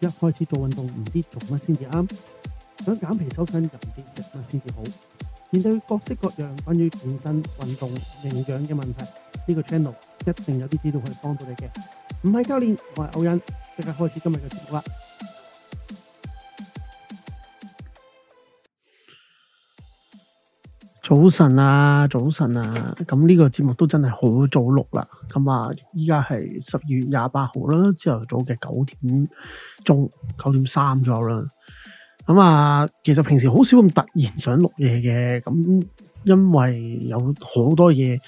一開始做運動唔知做乜先至啱，想減皮修身又唔知食乜先至好，面對各式各樣關於健身、運動、營養嘅問題，呢個 channel 一定有啲指導可以幫到你嘅。唔係教練，我係歐恩，即刻開始今日嘅節目啦！早晨啊，早晨啊！咁、這、呢個節目都真係好早錄啦。咁啊，依家係十二月廿八號啦，朝頭早嘅九點鐘，九點三左右啦。咁啊，其實平時好少咁突然想錄嘢嘅，咁因為有好多嘢，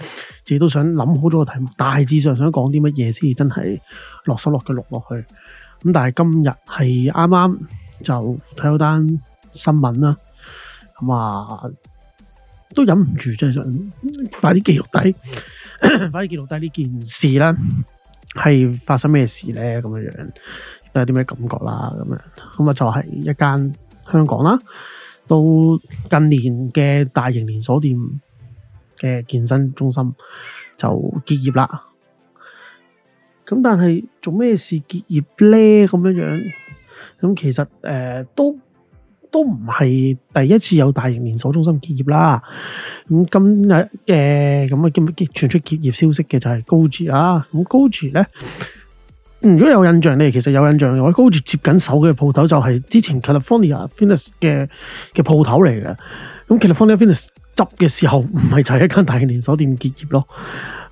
自己都想諗好多個題目，大致上想講啲乜嘢先至，真係落手落腳錄落去。咁但係今日係啱啱就睇到單新聞啦，咁啊～都忍唔住，真係想快啲記錄低，快啲記錄低呢件事啦，係發生咩事咧？咁樣樣，有啲咩感覺啦？咁樣，咁啊就係一間香港啦，到近年嘅大型連鎖店嘅健身中心就結業啦。咁但係做咩事結業咧？咁樣樣，咁其實誒、呃、都。都唔係第一次有大型連鎖中心結業啦。咁今日嘅咁啊，今日結傳出結業消息嘅就係 GOJI 啊。咁 GOJI 咧，如果有印象你其實有印象嘅，GOJI 接緊手嘅鋪頭就係之前 California Fitness 嘅嘅鋪頭嚟嘅。咁 California Fitness。執嘅時候唔係就係一間大型連鎖店結業咯，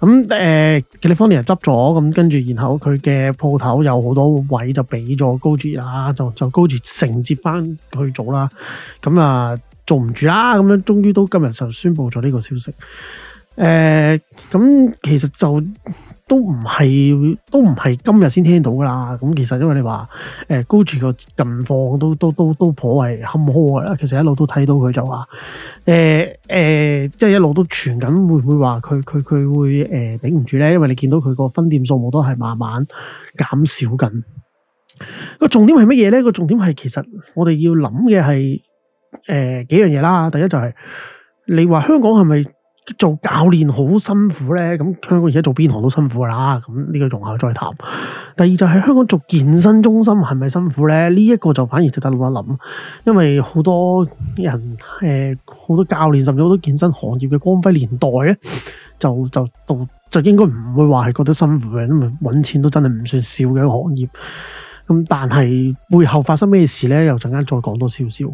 咁誒 California 執咗，咁跟住然後佢嘅鋪頭有好多位就俾咗 GOJI 啊，就就 GOJI 承接翻去做啦，咁、嗯、啊做唔住啦，咁樣終於都今日就宣布咗呢個消息，誒、嗯，咁、嗯、其實就。都唔係，都唔係今日先聽到噶啦。咁其實因為你話，誒，GOJI 個近況都都都都頗為坎坷嘅。其實一路都睇到佢就話，誒、呃、誒、呃，即係一路都傳緊，會唔會話佢佢佢會誒頂唔住咧？因為你見到佢個分店數目都係慢慢減少緊。個重點係乜嘢咧？個重點係其實我哋要諗嘅係誒幾樣嘢啦。第一就係、是、你話香港係咪？做教練好辛苦呢，咁香港而家做邊行都辛苦㗎啦。咁、這、呢個容後再談。第二就係香港做健身中心係咪辛苦呢？呢、這、一個就反而值得攞攞諗，因為好多人、呃、好多教練甚至好多健身行業嘅光輝年代咧，就就到就應該唔會話係覺得辛苦嘅，因為揾錢都真係唔算少嘅一個行業。咁但係背後發生咩事呢？又陣間再講多少少。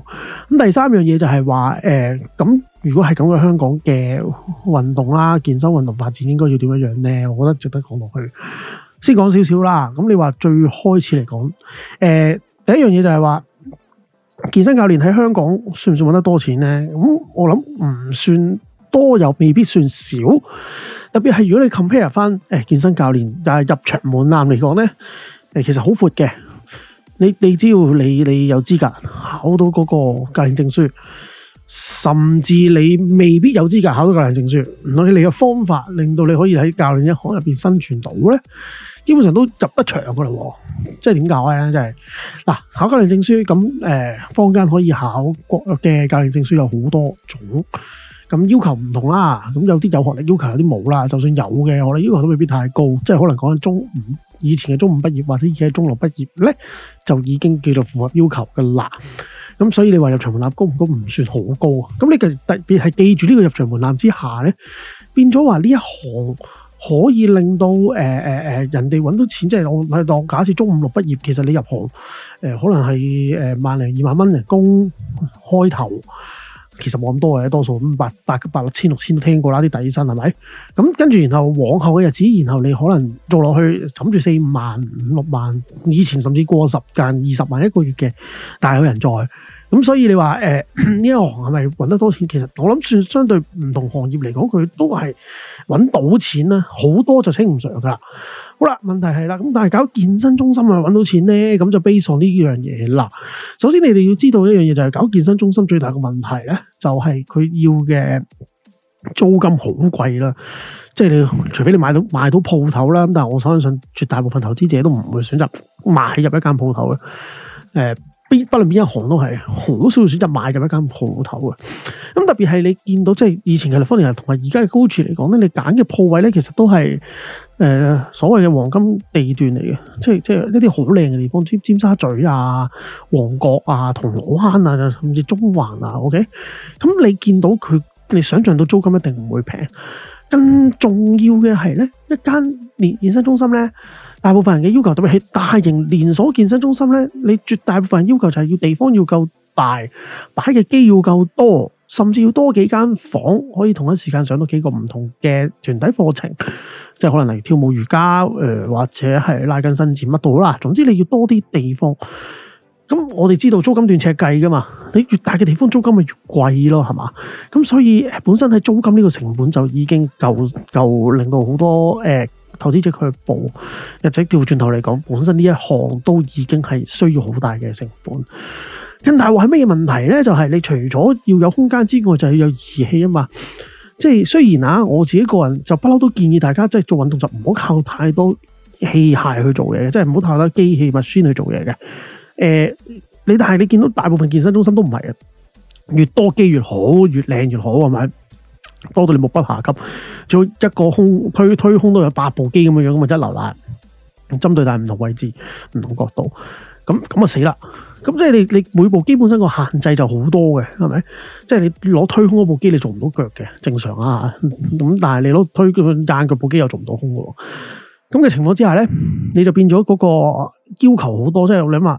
咁第三樣嘢就係話咁。呃如果係咁嘅香港嘅運動啦，健身運動發展應該要點樣呢？我覺得值得講落去。先講少少啦。咁你話最開始嚟講，誒、呃、第一樣嘢就係話健身教練喺香港算唔算搵得多錢呢？咁我諗唔算多又未必算少。特別係如果你 compare 翻誒健身教練，但係入場門檻嚟講呢，其實好闊嘅。你你只要你你有資格考到嗰個教練證書。甚至你未必有資格考到教練證書，你你嘅方法令到你可以喺教練一行入邊生存到咧，基本上都入得場噶啦，即係點搞咧？即係嗱，考教練證書咁，誒，坊間可以考國嘅教練證書有好多種，咁要求唔同啦，咁有啲有學歷要求，有啲冇啦。就算有嘅，我哋要求都未必太高，即係可能講中五以前嘅中五畢業或者而家嘅中六畢業呢，就已經叫做符合要求噶啦。咁所以你話入場門檻高唔高？唔算好高啊。咁你特別係記住呢個入場門檻之下咧，變咗話呢一行可以令到誒誒誒人哋揾到錢，即係我唔係當假設中五、六畢業，其實你入行誒、呃、可能係誒萬零二萬蚊人工開頭。其實冇咁多嘅，多數五八八六千六千都聽過啦，啲底薪係咪？咁跟住然後往後嘅日子，然後你可能做落去，諗住四五萬、五六萬，以前甚至過十間二十萬一個月嘅，大有人在。咁所以你話誒呢一行係咪搵得多錢？其實我諗算相對唔同行業嚟講，佢都係搵到錢啦，好多就清唔上噶啦。好啦，問題係啦，咁但係搞健身中心啊揾到錢咧，咁就悲喪呢樣嘢啦。首先你哋要知道一樣嘢，就係搞健身中心最大嘅問題咧，就係、是、佢要嘅租金好貴啦。即係你，除非你買到買到鋪頭啦，咁但我相信絕大部分投資者都唔會選擇買入一間鋪頭嘅，呃不論邊一行都係好少選擇買咁一間鋪頭嘅。咁特別係你見到即係以前嘅立方聯同埋而家嘅 GOJI 嚟講咧，你揀嘅鋪位咧，其實都係誒、呃、所謂嘅黃金地段嚟嘅，即係即係一啲好靚嘅地方，尖尖沙咀啊、旺角啊、銅鑼灣啊，甚至中環啊。OK，咁你見到佢，你想像到租金一定唔會平。更重要嘅係咧，一間連健身中心咧。大部分人嘅要求特別係大型連鎖健身中心咧，你絕大部分人要求就係要地方要夠大，擺嘅機要夠多，甚至要多幾間房可以同一時間上到幾個唔同嘅團體課程，即係可能例如跳舞、瑜伽，呃、或者係拉筋、伸展乜都啦。總之你要多啲地方。咁我哋知道租金斷尺計㗎嘛，你越大嘅地方租金咪越貴咯，係嘛？咁所以本身喺租金呢個成本就已經夠夠令到好多誒、呃投資者去補，或者調轉頭嚟講，本身呢一行都已經係需要好大嘅成本。咁但係話係咩問題咧？就係、是、你除咗要有空間之外，就要有儀器啊嘛。即係雖然啊，我自己個人就不嬲都建議大家即係、就是、做運動就唔好靠太多器械去做嘢嘅，即係唔好靠太多機器、物先去做嘢嘅。誒、呃，但是你但係你見到大部分健身中心都唔係啊，越多機越好，越靚越好，係咪？多到你目不暇給，做一個胸推推胸都有八部機咁樣樣咁啊，一流啦，針對但係唔同位置，唔同角度，咁咁啊死啦！咁即係你你每部機本身個限制就好多嘅，係咪？即係你攞推胸嗰部機你做唔到腳嘅正常啊，咁但係你攞推硬腳部機又做唔到胸喎。咁嘅情況之下咧，你就變咗嗰個要求好多，即係我諗下，誒、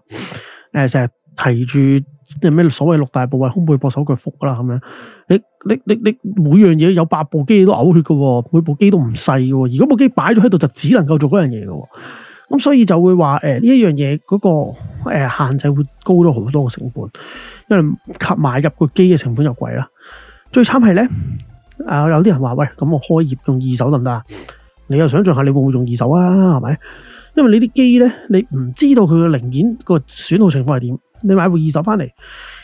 呃、成日提住。有咩所謂六大部位胸、背、膊、手、腳、腹噶啦，係咪？你你你你每樣嘢有八部機都嘔血噶，每部機都唔細噶。如果部機擺咗喺度，就只能夠做嗰樣嘢噶。咁所以就會話，誒呢一樣嘢嗰、嗰個誒、欸、限制會高咗好多嘅，成本，因為及買入個機嘅成本又貴啦。最慘係咧，啊、嗯呃、有啲人話喂，咁我開業用二手得唔得啊？你又想象下，你會唔會用二手啊？係咪？因為你啲機咧，你唔知道佢嘅零件、個損耗情況係點。你買部二手翻嚟，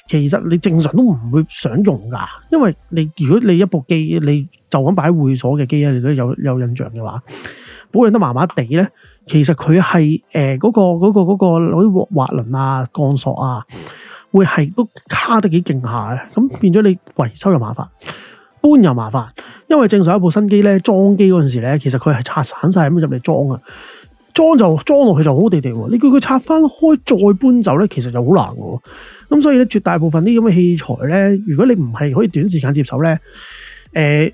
其實你正常都唔會想用噶，因為你如果你一部機，你就咁擺喺會所嘅機咧，你都有有印象嘅話，保養得麻麻地咧，其實佢係誒嗰個嗰、嗰個啲滑輪啊、鋼索啊，會係都卡得幾勁下嘅，咁變咗你維修又麻煩，搬又麻煩，因為正常有一部新機咧，裝機嗰陣時咧，其實佢係拆散晒咁入嚟裝啊。裝就裝落去就好地地喎，你叫佢拆翻開再搬走咧，其實就好難嘅。咁所以咧，絕大部分啲咁嘅器材咧，如果你唔係可以短時間接手咧，誒、呃，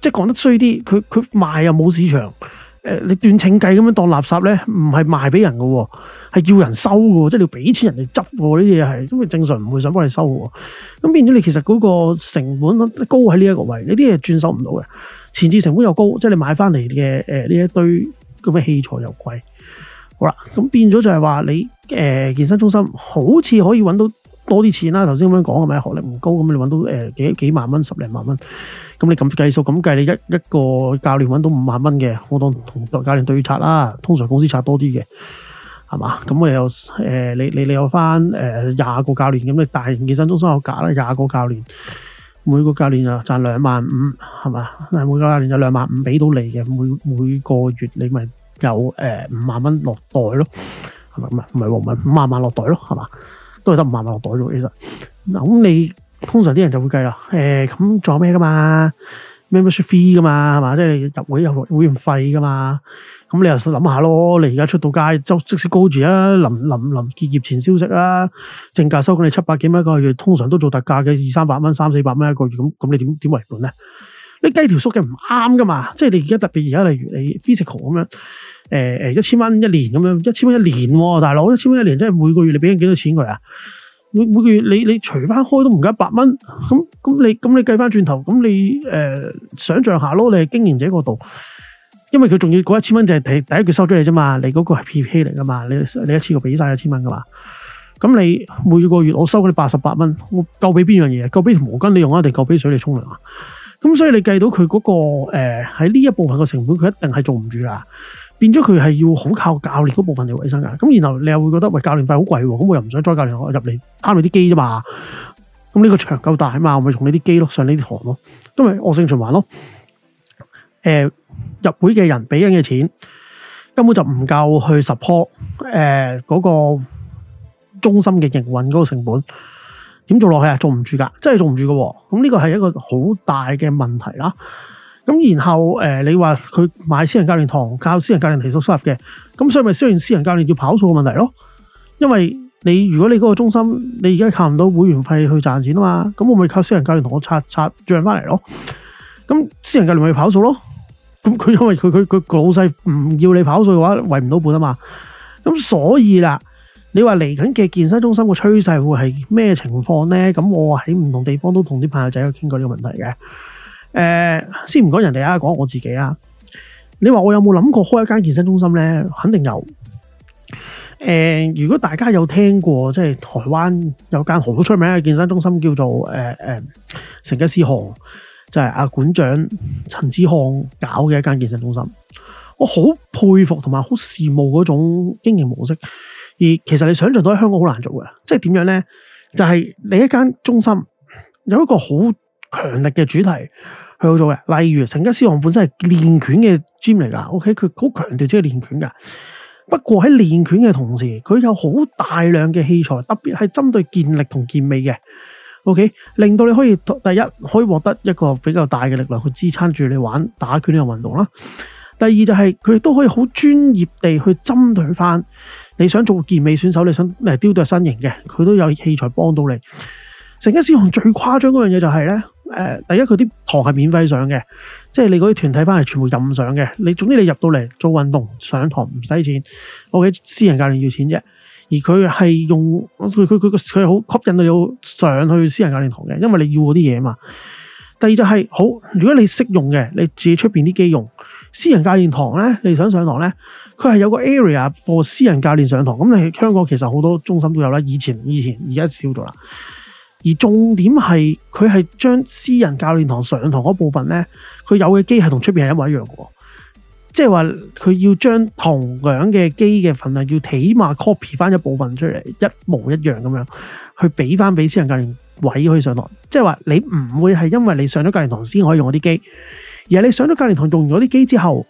即係講得衰啲，佢佢賣又冇市場，誒、呃，你斷秤計咁樣當垃圾咧，唔係賣俾人嘅，係要人收嘅，即係你要俾錢人哋執嘅，呢啲嘢係，因為正常唔會想幫你收嘅。咁變咗你其實嗰個成本高喺呢一個位，呢啲嘢轉手唔到嘅，前置成本又高，即係你買翻嚟嘅誒呢一堆。咁嘅器材又貴，好啦，咁變咗就係話你、呃、健身中心好似可以揾到多啲錢啦。頭先咁樣講係咪學歷唔高咁你揾到誒、呃、幾，幾萬蚊十零萬蚊，咁你咁計數咁計你一一個教練揾到五萬蚊嘅，我當同教練對拆啦，通常公司拆多啲嘅，係嘛？咁我有你、呃、你你有翻廿個教練，咁你大型健身中心有架啦廿個教練，每個教練啊賺兩萬五係嘛？每個教練有兩萬五俾到你嘅，每每個月你咪有誒五萬蚊落袋咯，係咪？唔係唔係唔係五萬萬落袋咯，係嘛？都係得五萬萬落袋啫其實。咁你通常啲人就會計啦，咁、呃、仲有咩噶嘛？membership fee 噶嘛，係嘛？嘛即係入會有會員費噶嘛？咁你又諗下咯，你而家出到街，即即使高住啊，臨臨臨，臨結業前消息啊，正價收緊你七百幾蚊一個月，通常都做特價嘅二三百蚊、三四百蚊一個月，咁咁你點點為本咧？你計條數嘅唔啱噶嘛？即係你而家特別而家，例如你 physical 咁樣，誒、呃、誒，一千蚊一年咁樣，一千蚊一年，大佬一千蚊一年，即係每個月你俾人幾多錢佢啊？每每個月你你除翻開都唔夠一百蚊，咁咁你咁你計翻轉頭，咁你誒想象下咯，你係經營者嗰度。因為佢仲要嗰一千蚊就係第第一句收咗你啫嘛，你嗰個係 PP 嚟噶嘛，你你一次過俾晒一千蚊噶嘛，咁你每個月我收你八十八蚊，我夠俾邊樣嘢？夠俾條毛巾你用啊，定夠俾水你沖涼啊？咁所以你計到佢嗰個誒喺呢一部分嘅成本，佢一定係做唔住噶，變咗佢係要好靠教練嗰部分嚟維生噶。咁然後你又會覺得喂，教練費好貴，咁我又唔想再教練入嚟慳你啲機啫嘛。咁呢個場夠大嘛，我咪用你啲機咯，上呢啲堂咯，因為惡性循環咯。誒入會嘅人俾緊嘅錢根本就唔夠去 support 誒嗰個中心嘅營運嗰個成本點做落去啊？做唔住㗎，真係做唔住嘅、哦。咁、這、呢個係一個好大嘅問題啦。咁然後、呃、你話佢買私人教練堂靠私人教練提收入嘅，咁所以咪雖然私人教練要跑數嘅問題咯。因為你如果你嗰個中心你而家靠唔到會員費去賺錢啊嘛，咁我咪靠私人教練同我刷刷帳翻嚟咯。咁私人教練咪要跑數咯。咁佢因為佢佢佢老細唔要你跑稅嘅話，圍唔到本啊嘛。咁所以啦，你話嚟緊嘅健身中心個趨勢會係咩情況呢？咁我喺唔同地方都同啲朋友仔去傾過呢個問題嘅。誒，先唔講人哋啊，講我自己啊。你話我有冇諗過開一間健身中心呢？肯定有。誒，如果大家有聽過，即係台灣有間好出名嘅健身中心叫做誒誒、呃呃，成吉思汗。就係阿館長陳之漢搞嘅一間健身中心，我好佩服同埋好羨慕嗰種經營模式。而其實你想像到喺香港好難做嘅，即係點樣呢？就係、是、你一間中心有一個好強力嘅主題去做嘅，例如成吉思汗本身係練拳嘅 gym 嚟㗎。OK，佢好強調即係練拳㗎。不過喺練拳嘅同時，佢有好大量嘅器材，特別係針對健力同健美嘅。OK，令到你可以第一可以獲得一個比較大嘅力量去支撐住你玩打拳呢個運動啦。第二就係佢哋都可以好專業地去針對翻你想做健美選手，你想嚟雕琢身形嘅，佢都有器材幫到你。成間 GOJI 最誇張嗰樣嘢就係咧，誒，第一佢啲堂係免費上嘅，即係你嗰啲團體班係全部任上嘅。你總之你入到嚟做運動上堂唔使錢，OK，私人教練要錢啫。而佢係用佢佢佢佢好吸引你上去私人教練堂嘅，因為你要嗰啲嘢嘛。第二就係、是、好，如果你識用嘅，你自己出面啲機用，私人教練堂呢，你想上堂呢，佢係有個 area for 私人教練上堂。咁你香港其實好多中心都有啦，以前以前而家少咗啦。而重點係佢係將私人教練堂上堂嗰部分呢，佢有嘅機係同出面係一模一樣喎。即係話佢要將同樣嘅機嘅份量，要起碼 copy 翻一部分出嚟，一模一樣咁樣去俾翻俾私人教練位可以上堂。即係話你唔會係因為你上咗教練堂先可以用嗰啲機，而係你上咗教練堂用完咗啲機之後，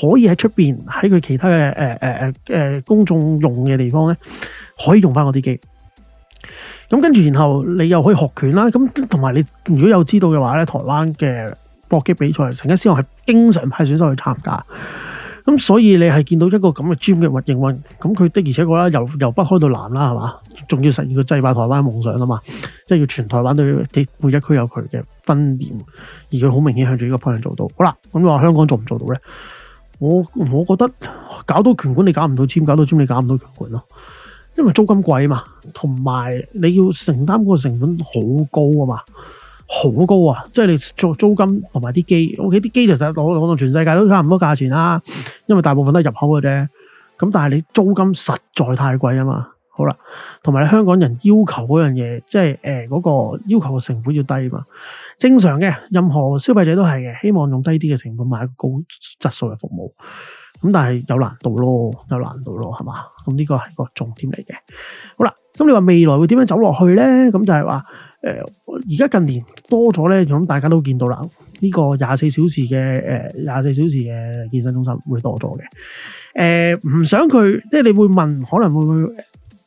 可以喺出邊喺佢其他嘅誒誒誒誒公眾用嘅地方咧可以用翻嗰啲機。咁跟住然後你又可以學拳啦。咁同埋你如果有知道嘅話咧，台灣嘅。搏擊比賽，成吉思汗係經常派選手去參加，咁所以你係見到一個咁嘅 gym 嘅運營運，咁佢的而且確啦，由由北開到南啦，係嘛，仲要實現個制霸台灣嘅夢想啊嘛，即係要全台灣都要，每一區有佢嘅分店，而佢好明顯向住呢個方向做到。好啦，咁你話香港做唔做到咧？我我覺得搞到拳館你搞唔到 gym，搞到 gym 你搞唔到拳館咯，因為租金貴啊嘛，同埋你要承擔個成本好高啊嘛。好高啊！即係你做租金同埋啲機，ok 啲機其實攞到全世界都差唔多價錢啦。因為大部分都係入口嘅啫。咁但係你租金實在太貴啊嘛。好啦，同埋你香港人要求嗰樣嘢，即係誒嗰個要求嘅成本要低啊嘛。正常嘅，任何消費者都係嘅，希望用低啲嘅成本買個高質素嘅服務。咁但係有難度咯，有難度咯，係嘛？咁呢個係個重點嚟嘅。好啦，咁你話未來會點樣走落去咧？咁就係話。誒，而家、呃、近年多咗咧，咁大家都見到啦，呢、這個廿四小時嘅、誒廿四小時嘅健身中心會多咗嘅。誒、呃，唔想佢，即係你會問，可能會唔會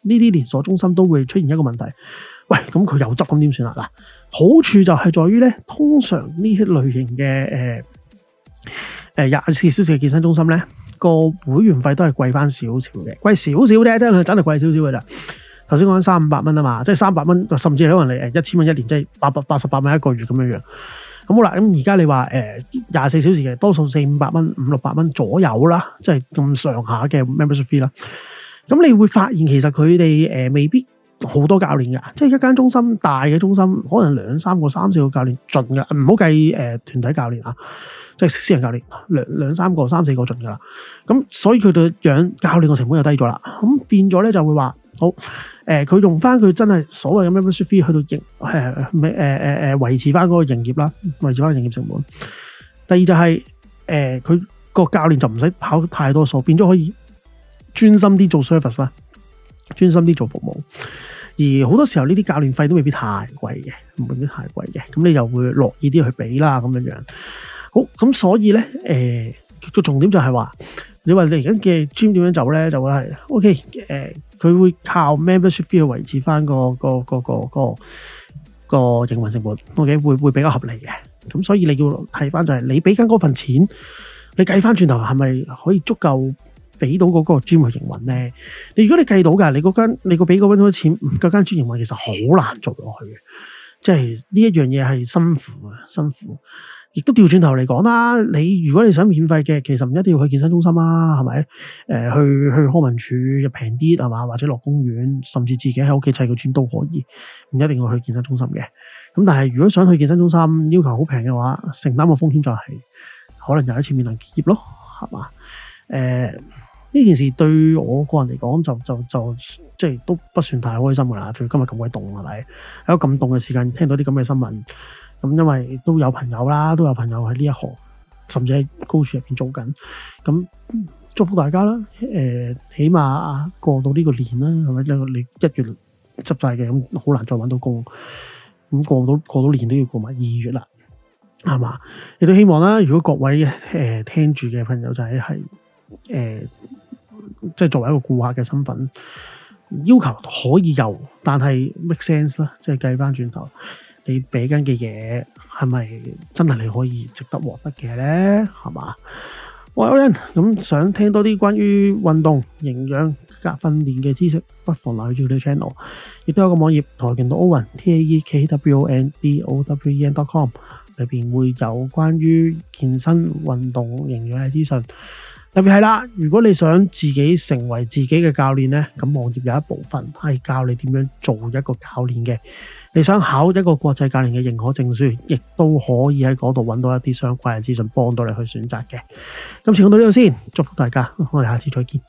呢啲連鎖中心都會出現一個問題，喂，咁佢又執，咁點算啦，嗱，好處就係在於咧，通常呢啲類型嘅誒誒廿四小時嘅健身中心咧，個會員費都係貴翻少少嘅，貴少少啫，真係真係貴少少嘅咋。頭先講緊三五百蚊啊嘛，即係三百蚊，甚至可能你誒一千蚊一年，即係八百八十八蚊一個月咁樣樣。咁好啦，咁而家你話誒廿四小時嘅多數四五百蚊、五六百蚊左右啦，即係咁上下嘅 membership fee 啦。咁你會發現其實佢哋誒未必好多教練噶，即係一間中心大嘅中心，可能兩三個、三四個教練盡噶，唔好計誒、呃、團體教練啊，即係私人教練兩兩三個、三四個盡噶啦。咁所以佢哋養教練嘅成本就低咗啦。咁變咗咧就會話。好，誒、呃、佢用翻佢真係所謂咁樣嘅 membership 去到營誒咩誒誒誒維持翻嗰個營業啦，維持翻營業成本。第二就係誒佢個教練就唔使跑太多數，變咗可以專心啲做 service 啦，專心啲做服務。而好多時候呢啲教練費都未必太貴嘅，唔未必太貴嘅，咁你又會樂意啲去俾啦咁樣樣。好，咁所以咧誒個重點就係話。你話你而家嘅 gym 點樣走咧？就係，OK，誒、呃，佢會靠 membership 去維持翻嗰個個個個個個營運成本，OK，會會比較合理嘅。咁所以你要睇翻就係、是，你俾緊嗰份錢，你計翻轉頭係咪可以足夠俾到嗰個 gym 去營運咧？你如果你計到㗎，你嗰間你個俾個 one 咗錢，嗰間 gym 營運其實好難做落去嘅，即係呢一樣嘢係辛苦啊，辛苦。亦都調轉頭嚟講啦，你如果你想免費嘅，其實唔一定要去健身中心啦，啊，係咪？誒、呃，去去康文署又平啲，係嘛？或者落公園，甚至自己喺屋企砌個磚都可以，唔一定要去健身中心嘅。咁但係如果想去健身中心，要求好平嘅話，承擔個風險就係、是、可能又一次面臨結業咯，係嘛？誒、呃，呢件事對我個人嚟講，就就就即係都不算太開心噶啦。今日咁鬼凍，係咪？喺咁凍嘅時間聽到啲咁嘅新聞。咁因為都有朋友啦，都有朋友喺呢一行，甚至喺 GOJI 入邊做緊，咁祝福大家啦。誒、呃，起碼啊，過到呢個年啦，係咪？因你一月執晒嘅，咁好難再揾到工。咁過到過到年都要過埋二月啦，係嘛？亦都希望啦，如果各位誒、呃、聽住嘅朋友就係係誒，即係作為一個顧客嘅身份，要求可以有，但係 make sense 啦，即係計翻轉頭。你俾緊嘅嘢係咪真係你可以值得獲得嘅呢？係嘛，喂歐文，咁想聽多啲關於運動、營養及訓練嘅知識，不妨留意住你個 channel，亦都有個網頁跆拳道 owen t a k、w o n d o w、e k w o n d o w e n dot com 裏邊會有關於健身、運動、營養嘅資訊，特別係啦，如果你想自己成為自己嘅教練呢，咁網頁有一部分係教你點樣做一個教練嘅。你想考一個國際教練嘅認可證書，亦都可以喺嗰度揾到一啲相關嘅資訊，幫到你去選擇嘅。今次講到呢度先，祝福大家，我哋下次再見。